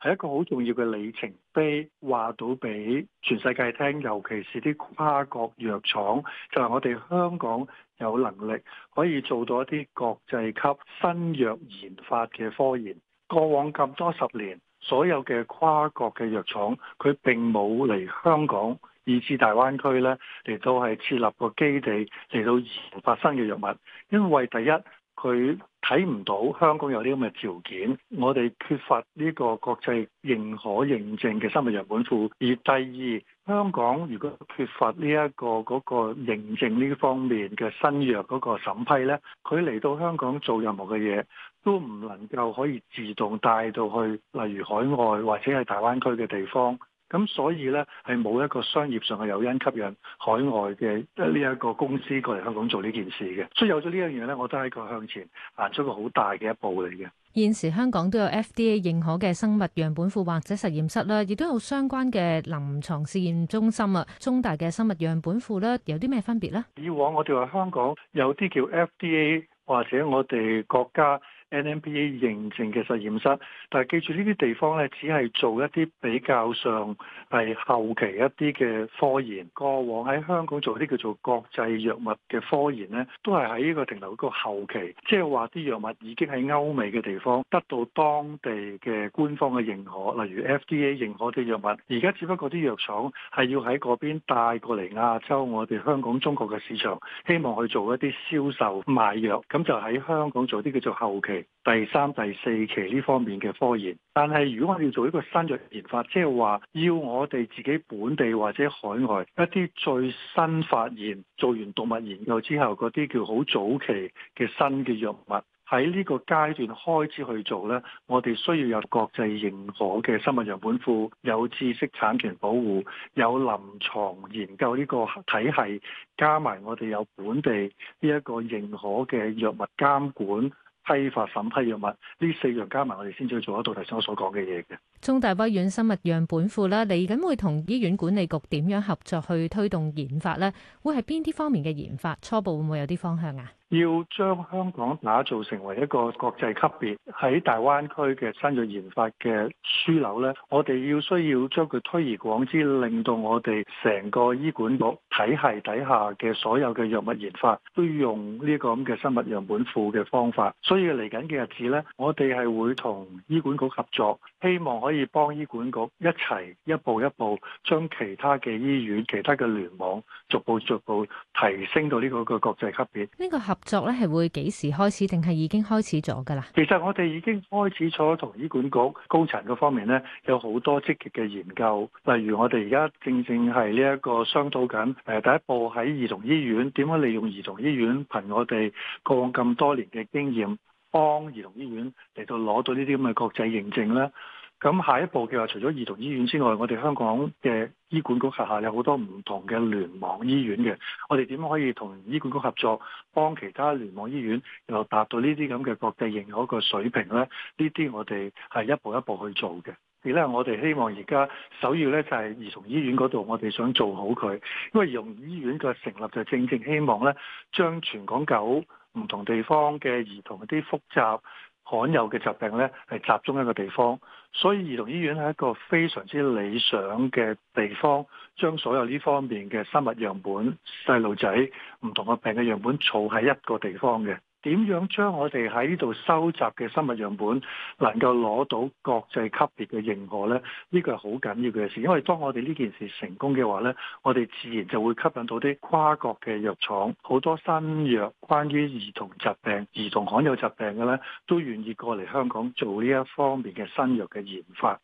係一個好重要嘅里程碑，話到俾全世界聽，尤其是啲跨國藥廠，就係我哋香港有能力可以做到一啲國際級新藥研發嘅科研。過往咁多十年，所有嘅跨國嘅藥廠，佢並冇嚟香港，以至大灣區呢，嚟到係設立個基地，嚟到研發新嘅藥物，因為第一。佢睇唔到香港有啲咁嘅條件，我哋缺乏呢個國際認可認證嘅生物樣本庫，而第二，香港如果缺乏呢、這、一個嗰、那個認證呢方面嘅新藥嗰個審批咧，佢嚟到香港做任何嘅嘢都唔能夠可以自動帶到去，例如海外或者係大灣區嘅地方。咁所以呢，係冇一個商業上嘅誘因吸引海外嘅呢一個公司過嚟香港做呢件事嘅。所以有咗呢一樣呢，我都係一個向前行出個好大嘅一步嚟嘅。現時香港都有 FDA 認可嘅生物樣本庫或者實驗室啦，亦都有相關嘅臨床試驗中心啊。中大嘅生物樣本庫咧，有啲咩分別呢？以往我哋話香港有啲叫 FDA 或者我哋國家。NMPA 認證嘅實驗室，但係記住呢啲地方咧，只係做一啲比較上係後期一啲嘅科研。過往喺香港做啲叫做國際藥物嘅科研咧，都係喺呢個停留一個後期，即係話啲藥物已經喺歐美嘅地方得到當地嘅官方嘅認可，例如 FDA 認可啲藥物。而家只不過啲藥廠係要喺嗰邊帶過嚟亞洲，我哋香港、中國嘅市場，希望去做一啲銷售賣藥，咁就喺香港做啲叫做後期。第三、第四期呢方面嘅科研，但係如果我要做一個新藥研發，即係話要我哋自己本地或者海外一啲最新發現，做完動物研究之後嗰啲叫好早期嘅新嘅藥物，喺呢個階段開始去做咧，我哋需要有國際認可嘅生物樣本庫，有知識產權保護，有臨床研究呢個體系，加埋我哋有本地呢一個認可嘅藥物監管。批發審批藥物呢四樣加埋，我哋先至做得到。頭先我所講嘅嘢嘅。中大威院生物樣本庫啦，嚟緊會同醫院管理局點樣合作去推動研發咧？會係邊啲方面嘅研發？初步會唔會有啲方向啊？要將香港打造成為一個國際級別喺大灣區嘅新藥研發嘅樞紐呢，我哋要需要將佢推而廣之，令到我哋成個醫管局體系底下嘅所有嘅藥物研發都用呢個咁嘅生物樣本庫嘅方法。所以嚟緊嘅日子呢，我哋係會同醫管局合作，希望可以幫醫管局一齊一步一步將其他嘅醫院、其他嘅聯網逐步逐步提升到呢個個國際級別。呢個合作咧係會幾時開始，定係已經開始咗噶啦？其實我哋已經開始咗同醫管局高層嘅方面咧，有好多積極嘅研究。例如我哋而家正正係呢一個商討緊，誒第一步喺兒童醫院，點樣利用兒童醫院憑我哋過往咁多年嘅經驗，幫兒童醫院嚟到攞到呢啲咁嘅國際認證咧。咁下一步嘅話，除咗兒童醫院之外，我哋香港嘅醫管局旗下有好多唔同嘅聯網醫院嘅，我哋點可以同醫管局合作，幫其他聯網醫院又達到呢啲咁嘅國際認可嘅水平呢？呢啲我哋係一步一步去做嘅。而咧，我哋希望而家首要呢就係兒童醫院嗰度，我哋想做好佢，因為兒童醫院嘅成立就正正希望呢將全港九唔同地方嘅兒童一啲複雜、罕有嘅疾病咧，係集中一個地方，所以兒童醫院係一個非常之理想嘅地方，將所有呢方面嘅生物樣本、細路仔唔同嘅病嘅樣本，儲喺一個地方嘅。點樣將我哋喺呢度收集嘅生物樣本能夠攞到國際級別嘅認可呢？呢個係好緊要嘅事，因為當我哋呢件事成功嘅話呢，我哋自然就會吸引到啲跨國嘅藥廠，好多新藥關於兒童疾病、兒童罕有疾病嘅呢，都願意過嚟香港做呢一方面嘅新藥嘅研發。